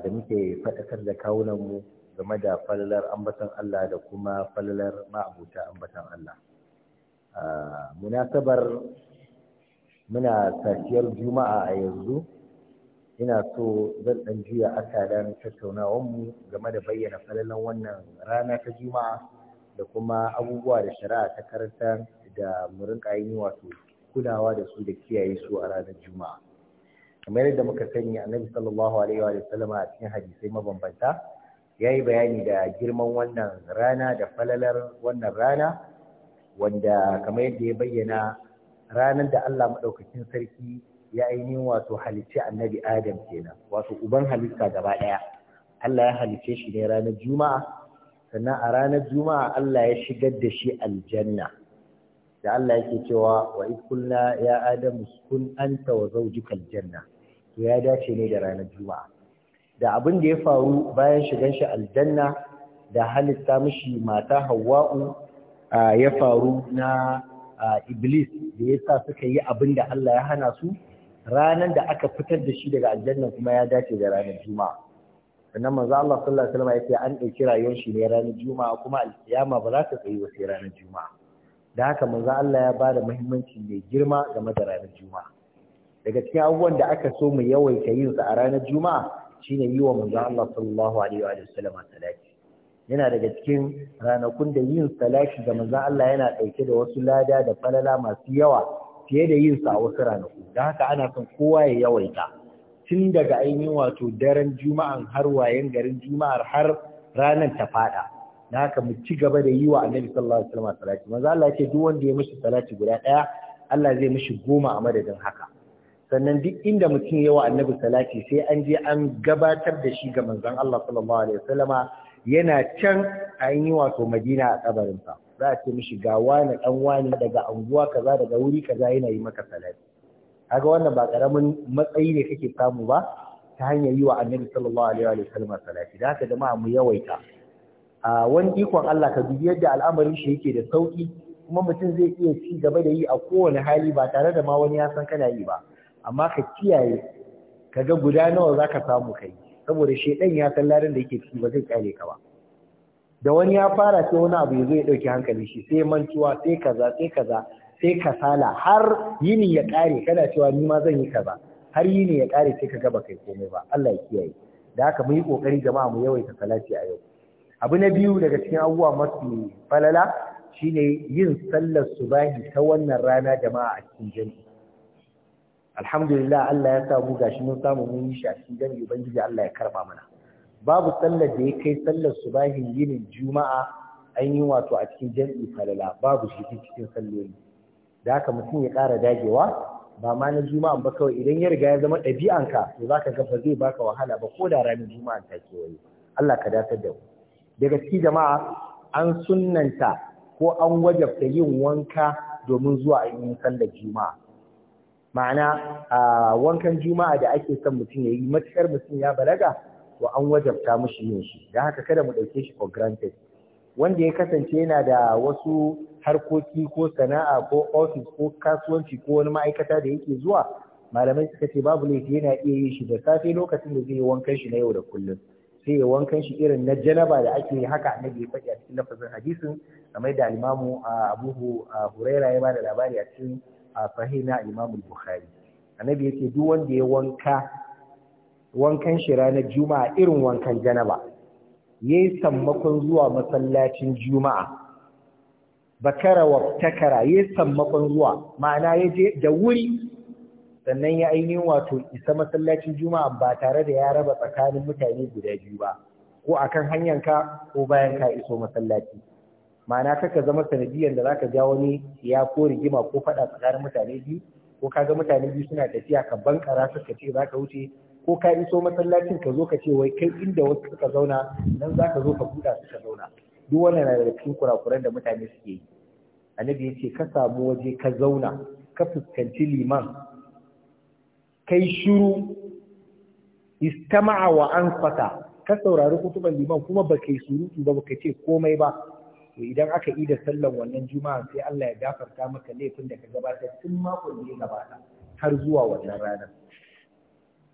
da muke faɗakar da kawunan mu game da falalar ambatan Allah da kuma falalar ma'abuta ambatan Allah. Munasabar muna safiyar juma'a a yanzu, ina so zan ɗan juya tattaunawar tattaunawanmu game da bayyana falalar wannan rana ta juma'a da kuma abubuwa da shari'a ta karanta da mu ƙayin wato kulawa da su da kiyaye su a ranar juma'a. kamar yadda muka sani annabi sallallahu alaihi wa a cikin hadisai mabambanta ya yi bayani da girman wannan rana da falalar wannan rana wanda kamar yadda ya bayyana ranar da Allah maɗaukakin sarki ya ainihin wato halicci annabi Adam kenan wato uban halitta gaba ɗaya Allah ya halicce shi ne ranar Juma'a sannan a ranar Juma'a Allah ya shigar da shi aljanna da Allah yake cewa wa ikulna ya Adam uskun anta wa zawjuka aljanna ya dace ne da ranar juma'a da abin da ya faru bayan shigan shi aljanna da halitta mishi mata hawa'u ya faru na iblis da ya sa suka yi abin da Allah ya hana su ranar da aka fitar da shi daga aljanna kuma ya dace da ranar juma'a sannan manzo Allah sallallahu alaihi wasallam ya an ɗauki rayuwar shi ne ranar juma'a kuma alkiyama ba za ta tsayi ba sai ranar juma'a da haka manzo Allah ya bada muhimmanci mai girma game da ranar juma'a daga cikin abubuwan da aka so mu yawaita yin sa a ranar juma'a shine yi wa manzon Allah sallallahu alaihi wa sallam salati yana daga cikin ranakun da yin salati ga manzon Allah yana dauke da wasu lada da falala masu yawa fiye da yin sa a wasu ranaku da haka ana son kowa ya yawaita tun daga ainihin wato daren juma'an har wayan garin juma'ar har ranar ta fada da haka mu ci gaba da yi wa annabi sallallahu alaihi wa sallam salati manzon Allah ya ce duk wanda ya mishi salati guda daya Allah zai mishi goma a madadin haka sannan duk inda mutum ya yawa annabi salati sai an je an gabatar da shi ga manzon Allah sallallahu alaihi wasallama yana can an yi wato Madina a kabarinsa za a ce mishi ga wani dan wani daga anguwa kaza daga wuri kaza yana yi maka salati kaga wannan ba karamin matsayi ne kake samu ba ta hanyar yi wa annabi sallallahu alaihi wasallama salati da haka jama'a mu yawaita a wani ikon Allah ka dubi yadda al'amarin shi yake da sauki kuma mutum zai iya ci gaba da yi a kowane hali ba tare da ma wani ya san kana yi ba amma ka kiyaye ka ga guda nawa za ka samu kai saboda shaidan ya san larin da yake ciki ba zai kare ka ba da wani ya fara sai wani abu ya zo ya ɗauki hankali shi sai mantuwa sai kaza sai kaza sai kasala har yini ya kare, kana cewa ni ma zan yi kaza har yini ya kare sai ka ga ba kai komai ba Allah ya kiyaye da haka mu yi kokari jama'a mu yawaita salati a yau abu na biyu daga cikin abubuwa mafi falala shine yin sallar subahi ta wannan rana jama'a a cikin jami'i alhamdulillah Allah ya samu gashi mun samu mun yi shafi dan ubangiji Allah ya karba mana babu sallar da ya kai sallar subahin yinin juma'a an yi wato a cikin jam'i falala babu shi cikin salloli da haka mutum ya ƙara dagewa ba ma na juma'a ba kawai idan ya riga ya zama ɗabi'anka to zaka ga ba zai baka wahala ba ko da ranar juma'a ta kewaye Allah ka datar da mu daga cikin jama'a an sunnanta ko an wajabta yin wanka domin zuwa ainihin sallar juma'a ma'ana a wankan juma'a da ake son mutum ya yi matuƙar mutum ya balaga to an wajabta mushi yin shi da haka kada mu ɗauke shi for granted wanda ya kasance yana da wasu harkoki ko sana'a ko ofis ko kasuwanci ko wani ma'aikata da yake zuwa malamai suka ce babu laifi yana iya yin shi da safe lokacin da zai yi wankan shi na yau da kullum sai ya wankan shi irin na janaba da ake yi haka na bai faɗi a cikin lafazin hadisin kamar da alimamu abu huraira ya ba labari a cikin a sahina Imam Bukhari annabi yake duk wanda ya wanka wankan shi ranar juma'a irin wankan janaba yayi sammakon zuwa masallacin juma'a bakara wa takara yayi sammakon zuwa ma'ana yaje da wuri sannan ya ainihin wato isa masallacin juma'a ba tare da ya raba tsakanin mutane guda biyu ba ko akan hanyar ka ko bayan ka iso masallaci ma'ana kaka zama sanadiyyan da za ka ja wani ya ko rigima ko faɗa tsakanin mutane biyu ko ka ga mutane biyu suna tafiya ka bankara su ka ce zaka wuce ko ka iso masallacin ka zo ka ce wai kai inda wasu suka zauna nan zaka zo ka buɗa su ka zauna duk wannan na daga cikin kurakuran da mutane suke yi annabi ya ce ka samu waje ka zauna ka fuskanci liman kai shiru istama'a wa an ka saurari kutuban liman kuma ba kai surutu ba ba ce komai ba to idan aka yi da sallan wannan juma'a sai Allah ya gafarta maka laifin da ka gabatar tun makon da ya gabata har zuwa wannan ranar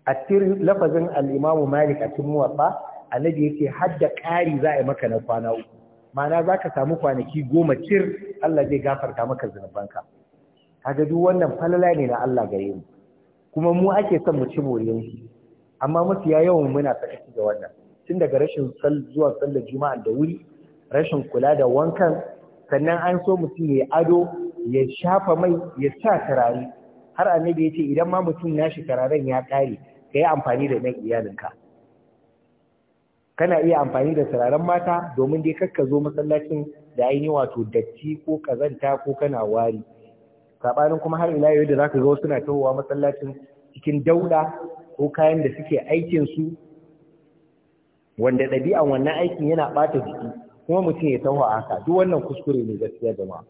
a cikin lafazin al-Imam Malik a cikin Muwatta annabi yake hadda ƙari za a yi maka na kwana uku ma'ana za ka samu kwanaki goma cir Allah zai gafarta maka zunubanka kaga duk wannan falala ne na Allah gare mu kuma mu ake son mu ci moriyan shi amma mafiya yawan muna sakaci da wannan tun daga rashin zuwa sallar juma'a da wuri rashin kula da wankan sannan an so mutum ya ado ya shafa mai ya sa tarari, har annabi ya ce idan ma mutum ya nashi turaren ya kare ka yi amfani da nan iyalinka kana iya amfani da turaren mata domin dai kakka zo masallacin da ainihin wato datti ko kazanta ko kana wari sabanin kuma har ila yau da zaka zo suna tawowa masallacin cikin dauda ko kayan da suke aikin su wanda ɗabi'an wannan aikin yana bata jiki kuma mutum ya taho a haka duk wannan kuskure ne gaskiya jama'a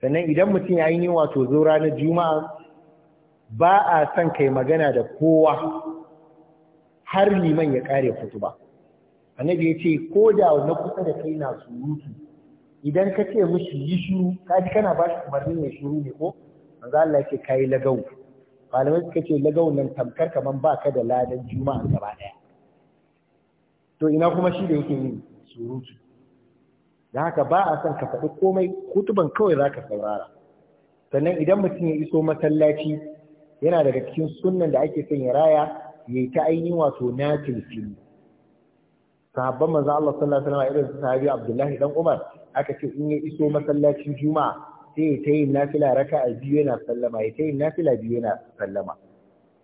sannan idan mutum ya yi wato zo ranar juma'a ba a son kai magana da kowa har liman ya kare kutuba annabi ya ce ko da na kusa da kai na surutu idan ka ce mishi yi shiru ka ji kana ba shi umarni ya shiru ne ko manzo Allah yake kai lagau malamai suka ce lagau nan tamkar kaman ba ka da ladan juma'a gaba daya to ina kuma shi da yake yin surutu da haka ba a son ka faɗi komai kutuban kawai za ka saurara sannan idan mutum ya iso masallaci yana daga cikin sunan da ake son ya raya ya yi ta ainihin wato na tilfili sahabban manzo Allah sallallahu alaihi wasallam irin sahabi Abdullahi dan Umar aka ce in ya iso masallacin Juma'a sai ya tayi nafila raka'a biyu yana sallama ya tayi nafila biyu yana sallama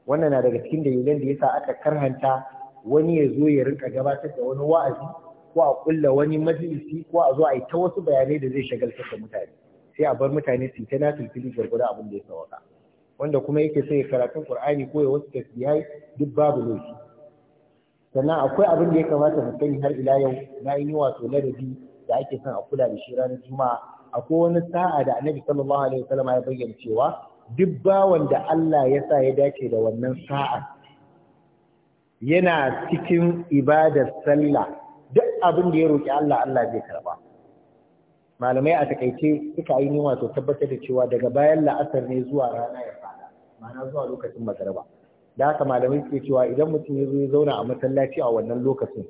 wannan na daga cikin dalilan da yasa aka karhanta wani ya zo ya rinka gabatar da wani wa'azi ko a kulla wani majalisi ko a zo a yi ta wasu bayanai da zai shagaltar da mutane sai a bar mutane su ta natin fili gwargwadon abin da ya sauka wanda kuma yake sai karatun qur'ani ko ya wasu tasbihai duk babu laifi sannan akwai abin da ya kamata mu sani har ila yau na yi wato ladabi da ake son a kula da shi ranar juma'a akwai wani sa'a da annabi sallallahu alaihi wasallam ya bayyana cewa duk bawan da Allah ya sa ya dace da wannan sa'a yana cikin ibadar sallah abin da ya roƙi Allah Allah zai karba malamai a takaice suka yi nima to tabbatar da cewa daga bayan la'asar ne zuwa rana ya fada ma'ana zuwa lokacin magariba da haka malamai suke cewa idan mutum ya zo ya zauna a masallaci a wannan lokacin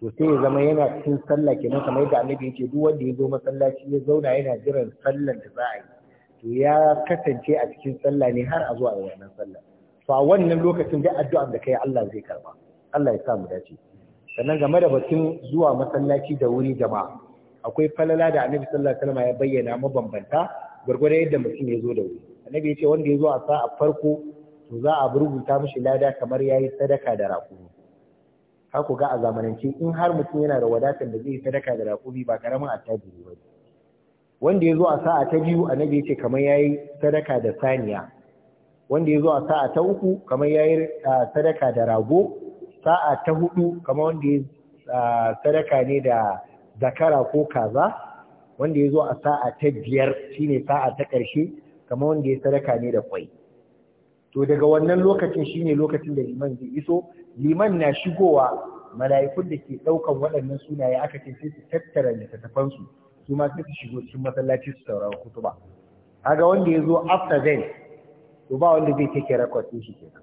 to sai ya zama yana cikin sallah kenan kamar yadda annabi yake duk wanda ya zo masallaci ya zauna yana jiran sallar da za a yi to ya kasance a cikin sallah ne har a zuwa wannan sallah to a wannan lokacin duk addu'an da kai Allah zai karba Allah ya sa mu dace sannan game da batun zuwa masallaci da wuri jama'a akwai falala da annabi sallallahu alaihi wasallam ya bayyana mabambanta gwargwadon yadda mutum ya zo da wuri annabi ya ce wanda ya zo a sa'a farko to za a rubuta mishi lada kamar yayi sadaka da raƙumi ka ku ga a zamanance in har mutum yana da wadatar da zai yi sadaka da raƙumi ba karamin attajiri ba wanda ya zo a sa'a ta biyu annabi ya ce kamar yayi sadaka da saniya wanda ya zo a sa'a ta uku kamar yayi ah, sadaka da rago sa'a ta hudu kamar wanda ya sadaka ne da zakara ko kaza wanda ya zo a sa'a ta biyar shine sa'a ta ƙarshe kamar wanda ya sadaka ne da kwai to daga wannan lokacin shine lokacin da liman zai iso liman na shigowa mala'ikun da ke ɗaukan waɗannan sunaye aka ce sai su tattara littattafansu su ma sai su shigo cikin masallaci su saurara kutuba kaga wanda ya zo after then to ba wanda zai take record shi kenan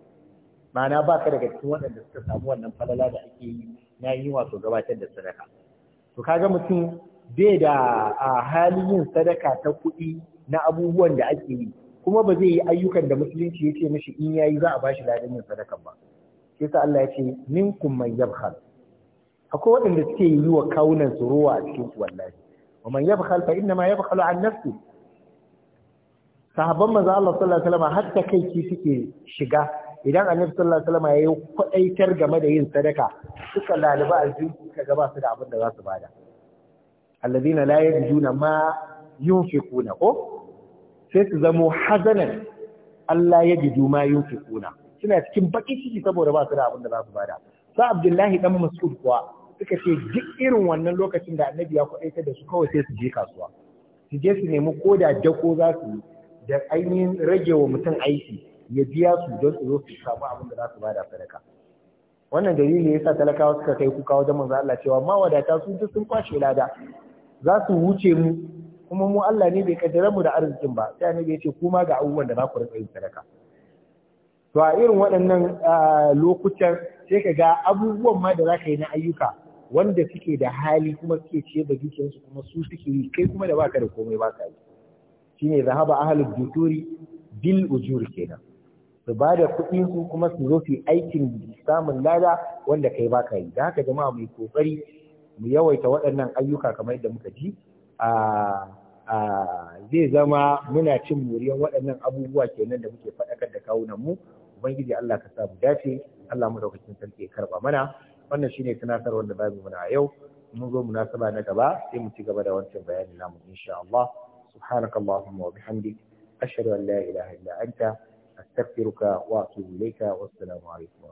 ma'ana ba ka daga cikin waɗanda suka samu wannan falala da ake yi na yi wato gabatar da sadaka to kaga mutum bai da a halin yin sadaka ta kuɗi na abubuwan da ake yi kuma ba zai yi ayyukan da musulunci ya ce mishi in yayi za a bashi ladan yin sadaka ba sai sa Allah ya ce minkum man yabkhal akwai waɗanda suke yi wa kawunan su ruwa a cikin wallahi wa man yabkhal fa inna ma yabkhalu an nafsi sahabban manzo Allah sallallahu alaihi wasallam har ta kai ki suke shiga idan annabi sallallahu alaihi wasallam ya yi kwadaitar game da yin sadaka suka laliba aljihu suka ga ba su da abin da za su bada alladina la yajuna ma yunfiquna ko sai su zamo hazanan Allah ya jidu ma yunfiquna suna cikin baki ciki saboda ba su da abin da za su bada sa Abdullahi dan Mas'ud kuwa suka ce duk irin wannan lokacin da annabi ya kwadaitar da su kawai sai su je kasuwa su je su nemi koda dako za su yi da ainihin rage wa mutum aiki ya biya su don su zo su samu abin da za su bada sadaka wannan dalili yasa talakawa suka kai kuka wajen manzo Allah cewa mawadata sun duk sun kwashe lada za su wuce mu kuma mu Allah ne bai kaddara mu da arzikin ba sai annabi ya ce kuma ga abubuwan da za ku rika yin sadaka to a irin waɗannan lokutan sai ka ga abubuwan ma da za ka yi na ayyuka wanda suke da hali kuma suke ciye da dukiyarsu kuma su suke yi kai kuma da baka da komai baka yi shine zahaba ahlul duturi bil ujur kenan su ba da kuɗi su kuma su zo su aikin samun lada wanda kai ba ka yi da haka jama'a mai kokari mu yawaita waɗannan ayyuka kamar yadda muka ji a zai zama muna cin muriyar waɗannan abubuwa kenan da muke faɗakar da kawunan mu ubangiji Allah ka sa mu dace Allah mu daukakin sarki karba mana wannan shine tunatarwar wanda babu muna a yau mun zo munasaba na gaba sai mu ci gaba da wancan bayanin namu insha Allah subhanakallahumma wa bihamdik ashhadu an la ilaha illa anta astaghfiruka wa atubu ilayka wassalamu alaikum